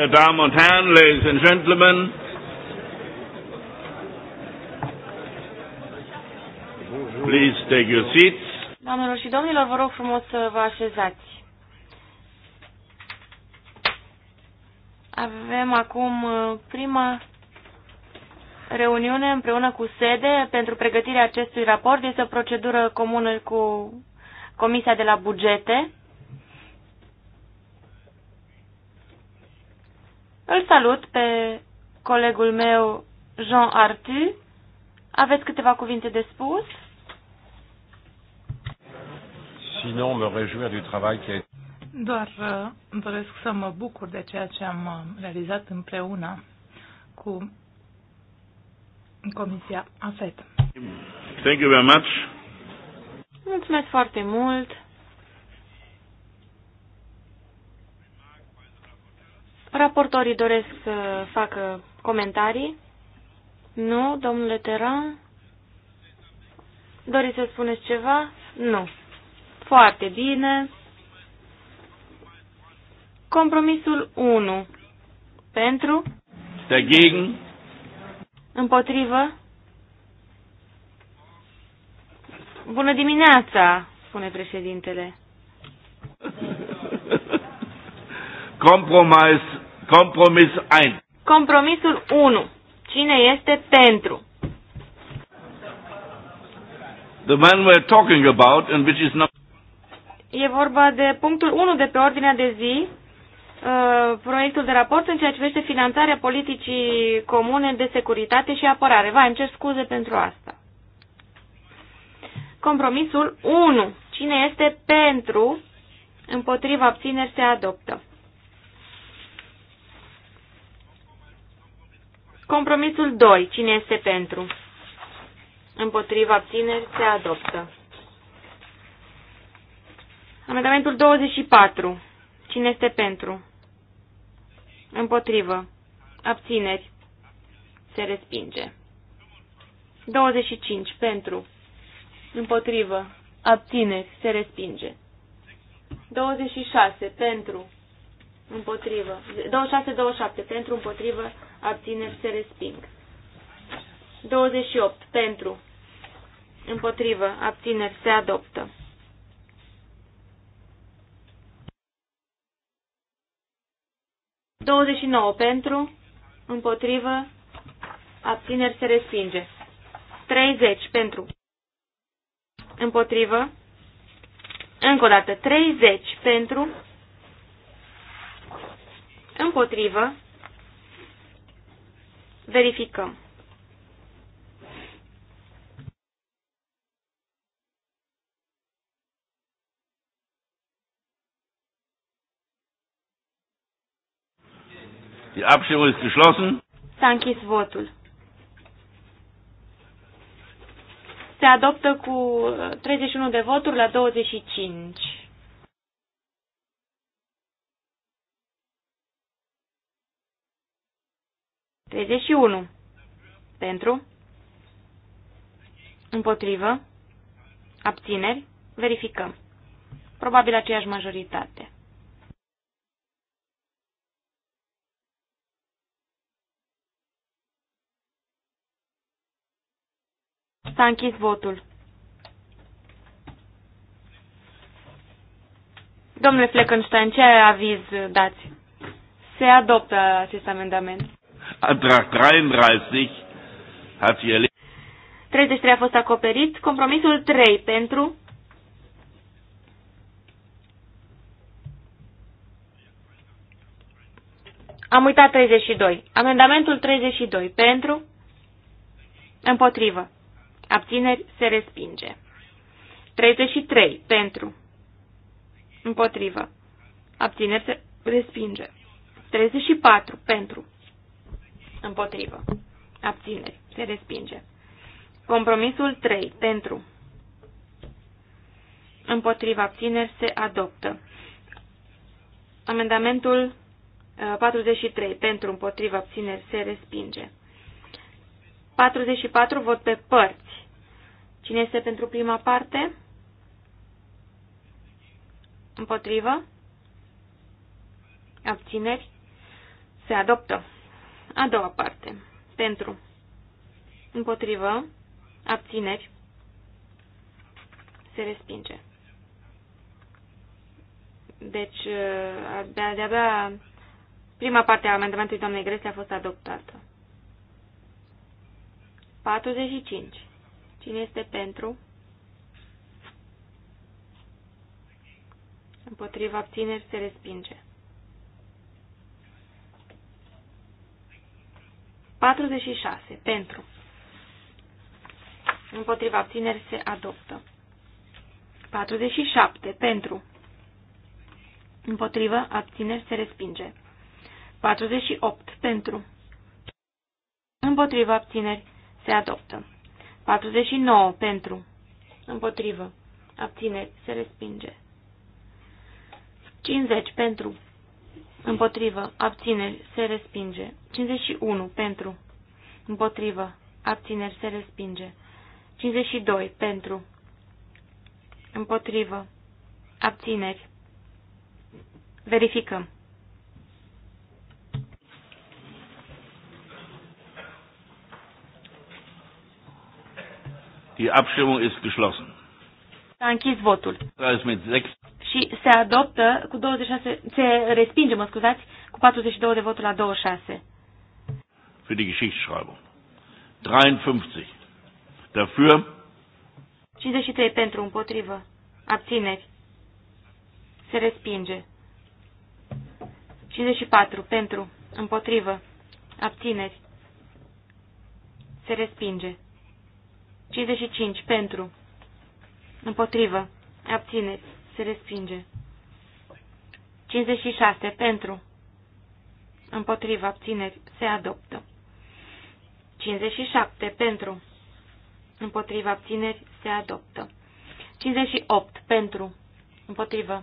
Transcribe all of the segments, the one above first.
Meine Damen und Herren, Ladies and Gentlemen, please take your seats. Doamnelor și domnilor, vă rog frumos să vă așezați. Avem acum uh, prima reuniune împreună cu sede pentru pregătirea acestui raport. Este o procedură comună cu Comisia de la Bugete. Îl salut pe colegul meu, Jean Artu. Aveți câteva cuvinte de spus? Sinon, mă rejoins du travail qui a doar uh, îmi doresc să mă bucur de ceea ce am uh, realizat împreună cu Comisia AFET. Thank you very much. Mulțumesc foarte mult. Raportorii doresc să facă comentarii? Nu, domnule Teran? Doriți să spuneți ceva? Nu. Foarte bine. Compromisul 1. Pentru? Dagegen. Împotrivă? Bună dimineața, spune președintele. Compromis Kompromiss 1. Compromisul 1. Cine este pentru? The man we're talking about and which is not... E vorba de punctul 1 de pe ordinea de zi, uh, proiectul de raport în ceea ce privește finanțarea politicii comune de securitate și apărare. Vai, îmi cer scuze pentru asta. Compromisul 1. Cine este pentru, împotriva abțineri, se adoptă. Compromisul 2. Cine este pentru? Împotriva abțineri se adoptă. Amendamentul 24. Cine este pentru? Împotrivă. Abțineri. Se respinge. 25. Pentru. Împotrivă. Abțineri. Se respinge. 26. Pentru împotrivă. 26-27 pentru împotrivă, abțineri se resping. 28 pentru împotrivă, abțineri se adoptă. 29 pentru, împotrivă, abțineri se respinge. 30 pentru, împotrivă, încă o dată, 30 pentru, Împotrivă. Verificăm. Die Abstimmung ist geschlossen. S-a închis votul. Se adoptă cu 31 de voturi la 25. 31. Pentru. Împotrivă. Abțineri. Verificăm. Probabil aceeași majoritate. S-a închis votul. Domnule Fleckenstein, ce aviz dați? Se adoptă acest amendament. Antrag 33 hat hier 33 a fost acoperit. Compromisul 3 pentru Am uitat 32. Amendamentul 32. Pentru? Împotrivă. Abțineri se respinge. 33. Pentru. Împotrivă. Abțineri se respinge. 34. Pentru. Împotrivă. Abțineri. Se respinge. Compromisul 3. Pentru. Împotriva abțineri se adoptă. Amendamentul 43. Uh, pentru împotriva abțineri se respinge. 44. Vot pe părți. Cine este pentru prima parte? Împotrivă? Abțineri? Se adoptă. A doua parte. Pentru. Împotrivă. Abțineri. Se respinge. Deci, uh, de-abia prima parte a amendamentului doamnei Gresle a fost adoptată. 45. Cine este pentru? Împotriva abțineri se respinge. 46. Pentru. Împotriva abțineri se adoptă. 47. Pentru. împotriva abțineri se respinge. 48. Pentru. Împotriva abțineri se adoptă. 49. Pentru. împotriva Abțineri se respinge. 50. Pentru. Împotrivă. Abțineri. Se respinge. 51. Pentru. Împotrivă. Abțineri. Se respinge. 52. Pentru. Împotrivă. Abțineri. Verificăm. Die Abstimmung ist geschlossen. S-a închis votul. 36 și se adoptă cu 26, se respinge, mă scuzați, cu 42 de voturi la 26. Für die Geschichtsschreibung. 53. Dafür. 53 pentru, împotrivă. Abțineri. Se respinge. 54 pentru, împotrivă. Abțineri. Se respinge. 55 pentru. Împotrivă. Abțineri se respinge. 56. Pentru. Împotriva abțineri se adoptă. 57. Pentru. Împotriva abțineri se adoptă. 58. Pentru. Împotriva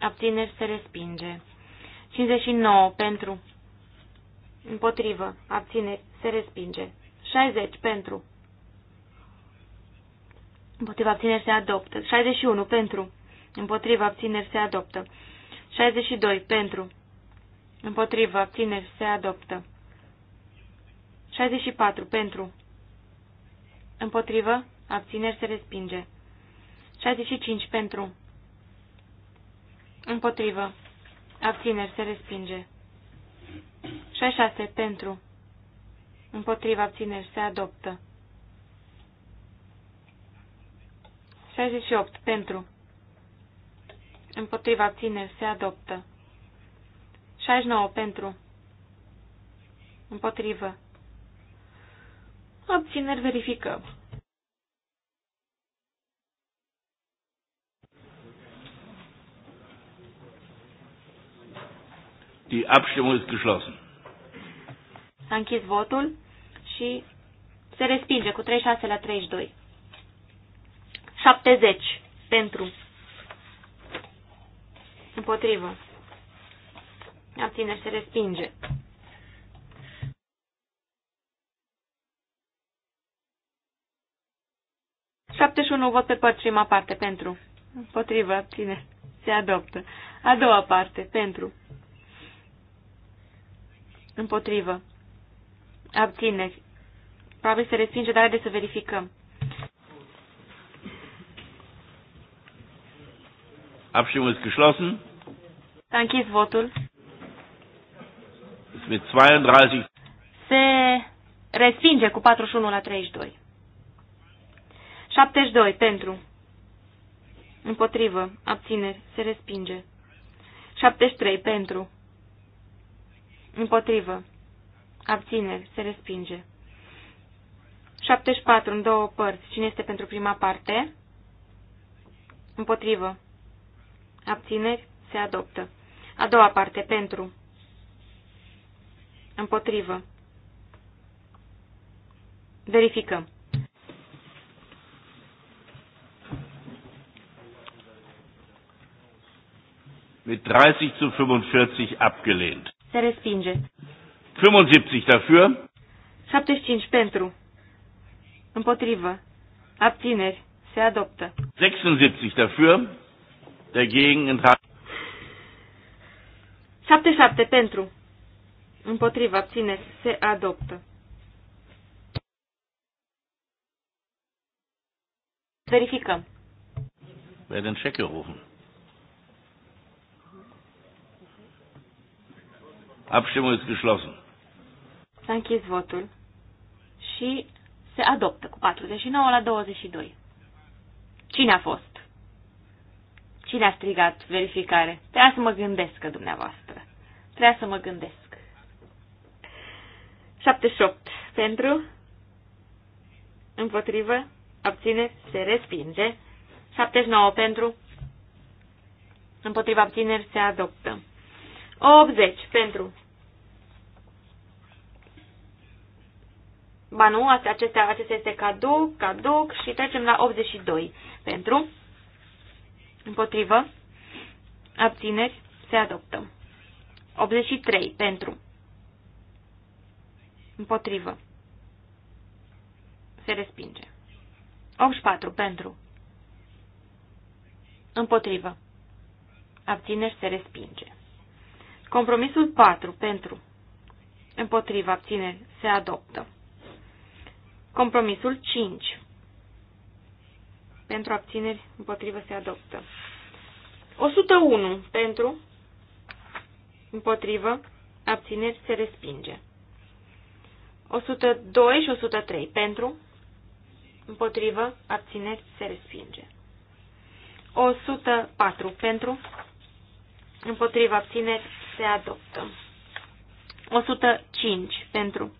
abțineri se respinge. 59. Pentru. Împotrivă. Abțineri. Se respinge. 60. Pentru. Împotriva abțineri se adoptă. 61. Pentru. Împotriva abțineri se adoptă. 62. Pentru. Împotriva abțineri se adoptă. 64. Pentru. Împotrivă. Abțineri se respinge. 65. Pentru. Împotrivă. Abțineri se respinge. 66. Pentru. Împotriva abțineri se adoptă. 68. Pentru. Împotriva ține se adoptă. 69 pentru. Împotrivă. Obțineri verifică Die Abstimmung ist geschlossen. S-a închis votul și se respinge cu 36 la 32. 70 pentru Împotrivă. Abțineri se respinge. și unu vot pe părți prima parte pentru. Împotrivă, abține. Se adoptă. A doua parte, pentru. Împotrivă. Abțineri. Probabil se respinge, dar haideți să verificăm. Abstimmung ist geschlossen. S-a închis Mit 32. Se respinge cu 41 la 32. 72 pentru. Împotrivă. Abțineri. Se respinge. 73 pentru. Împotrivă. Abțineri. Se respinge. 74 în două părți. Cine este pentru prima parte? Împotrivă abțineri, se adoptă. A doua parte, pentru, împotrivă. Verificăm. Mit 30 zu 45 abgelehnt. Se respinge. 75 dafür. 75 pentru. Împotrivă. Abțineri. Se adoptă. 76 dafür dagegen, enthalten. 77 pentru. Împotriva, abțineri, se adoptă. Verificăm. Wer den Scheck gerufen? Abstimmung ist geschlossen. S-a închis votul și se adoptă cu 49 la 22. Cine a fost? Cine a strigat verificare? Trebuia să mă gândesc că dumneavoastră. Trebuia să mă gândesc. 78. Pentru, împotrivă, abține, se respinge. 79. Pentru, împotriva abțineri, se adoptă. 80. Pentru. Ba nu, acestea, acestea este caduc, caduc și trecem la 82. Pentru, Împotrivă. Abțineri. Se adoptă. 83. Pentru. Împotrivă. Se respinge. 84. Pentru. Împotrivă. Abțineri. Se respinge. Compromisul 4. Pentru. Împotrivă. Abțineri. Se adoptă. Compromisul 5 pentru abțineri împotrivă se adoptă. 101 pentru împotrivă abțineri se respinge. 102 și 103 pentru împotrivă abțineri se respinge. 104 pentru împotrivă abțineri se adoptă. 105 pentru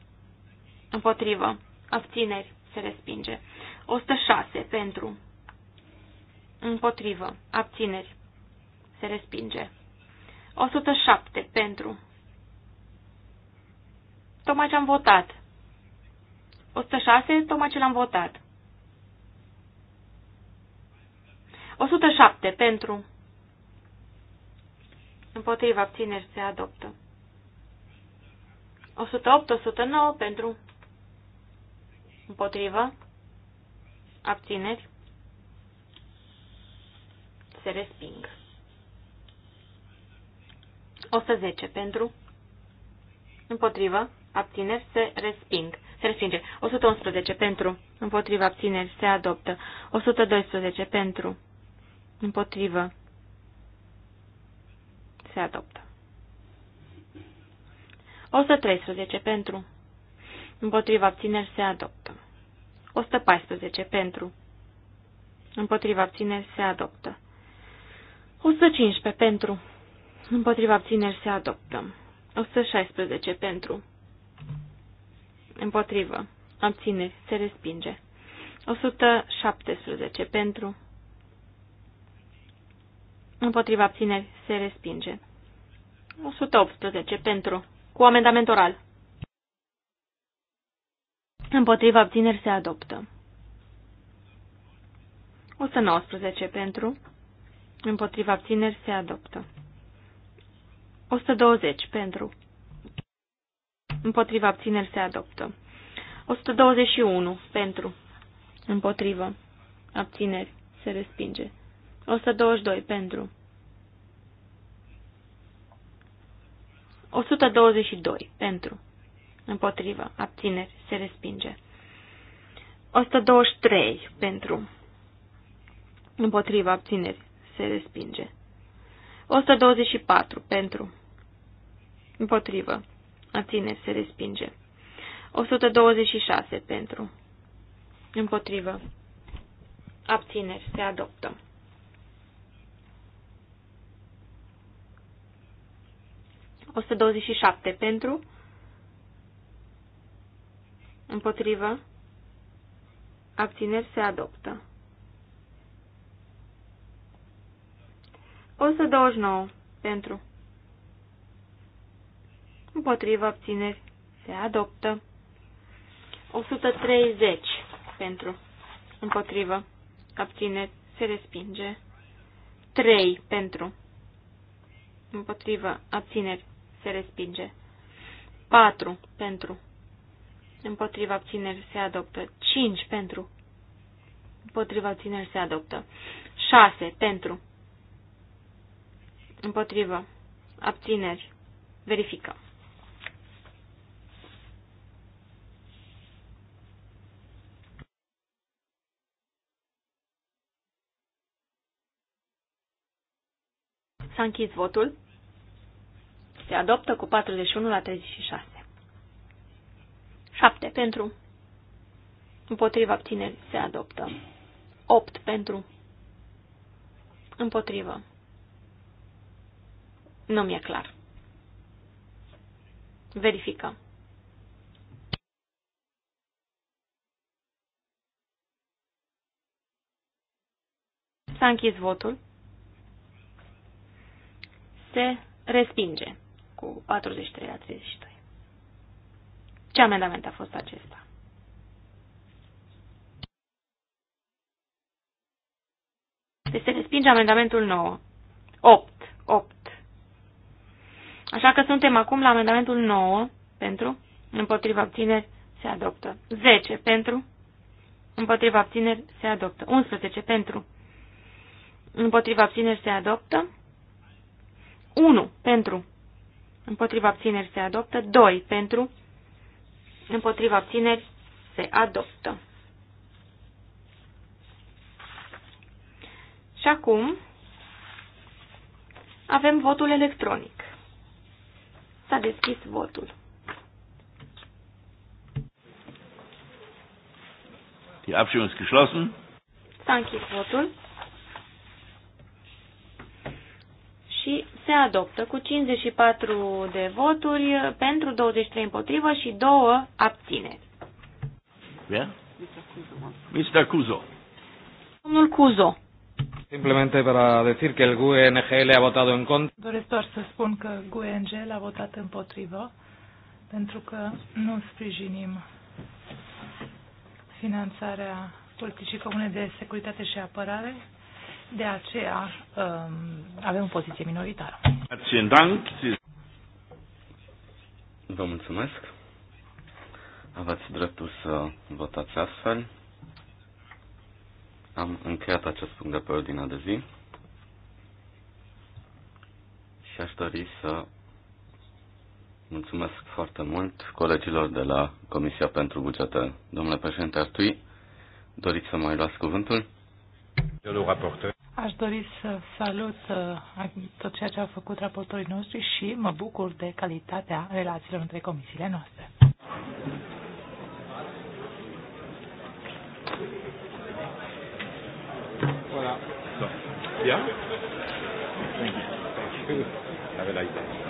împotrivă abțineri se respinge. 106 pentru Împotrivă. Abțineri. Se respinge. 107. Pentru. Tocmai ce am votat. 106. Tocmai ce l-am votat. 107. Pentru. Împotriva abțineri se adoptă. 108-109 pentru. Împotrivă. Abțineri se resping. 110 pentru, împotrivă, abțineri, se resping. Se respinge. 111 pentru, împotrivă, abțineri, se adoptă. 112 pentru, împotrivă, se adoptă. 113 pentru, împotrivă, abțineri, se adoptă. 114 pentru, împotriva abțineri, se adoptă. 115 pentru. Împotriva abțineri se adoptă. 116 pentru. Împotrivă. Abțineri se respinge. 117 pentru. Împotriva abțineri se respinge. 118 pentru. Cu amendament oral. Împotriva abțineri se adoptă. 119 pentru. Împotriva abțineri se adoptă. 120 pentru. Împotriva abțineri se adoptă. 121 pentru. împotriva Abțineri se respinge. 122 pentru. 122 pentru. împotriva Abțineri se respinge. 123 pentru. împotriva Abțineri se respinge. 124 pentru, împotrivă, Aține, se respinge. 126 pentru, împotrivă, abțineri, se adoptă. O 127 pentru, împotrivă, abțineri se adoptă. 129 pentru. Împotriva abțineri se adoptă. 130 pentru. Împotrivă. Abțineri se respinge. 3 pentru. Împotrivă. Abțineri se respinge. 4 pentru. Împotriva abțineri se adoptă. 5 pentru. Împotriva abțineri se adoptă. 6 pentru. Împotrivă. Abțineri. Verifică. S-a închis votul. Se adoptă cu 41 la 36. 7 pentru. Împotriva abțineri se adoptă. 8 pentru. Împotrivă. Nu mi-e clar. Verificăm. S-a închis votul. Se respinge cu 43 la 32. Ce amendament a fost acesta? Deci se respinge amendamentul 9. 8. 8. Așa că suntem acum la amendamentul 9 pentru, împotriva abțineri se adoptă. 10 pentru, împotriva abțineri se adoptă. 11 pentru, împotriva abțineri se adoptă. 1 pentru, împotriva abțineri se adoptă. 2 pentru, împotriva abțineri se adoptă. Și acum avem votul electronic. S-a deschis votul. Die Abstimmung ist geschlossen. Danke, votul. Și se adoptă cu 54 de voturi pentru 23 împotrivă și 2 abține. Wer? Mr. Cuzo. Domnul Cuzo. Simplemente para decir que el GUE NGL a votat contra. Doresc doar să spun că GUE NGL a votat împotrivă pentru că nu sprijinim finanțarea politicii comune de securitate și apărare. De aceea um, avem o poziție minoritară. Vă mulțumesc. Aveți dreptul să votați astfel. Am încheiat acest punct de pe ordinea de zi și aș dori să mulțumesc foarte mult colegilor de la Comisia pentru Bugete. Domnule președinte Artui, doriți să mai luați cuvântul? Aș dori să salut uh, tot ceea ce au făcut raportorii noștri și mă bucur de calitatea relațiilor între comisiile noastre. Yeah? Thank you. Have a nice day.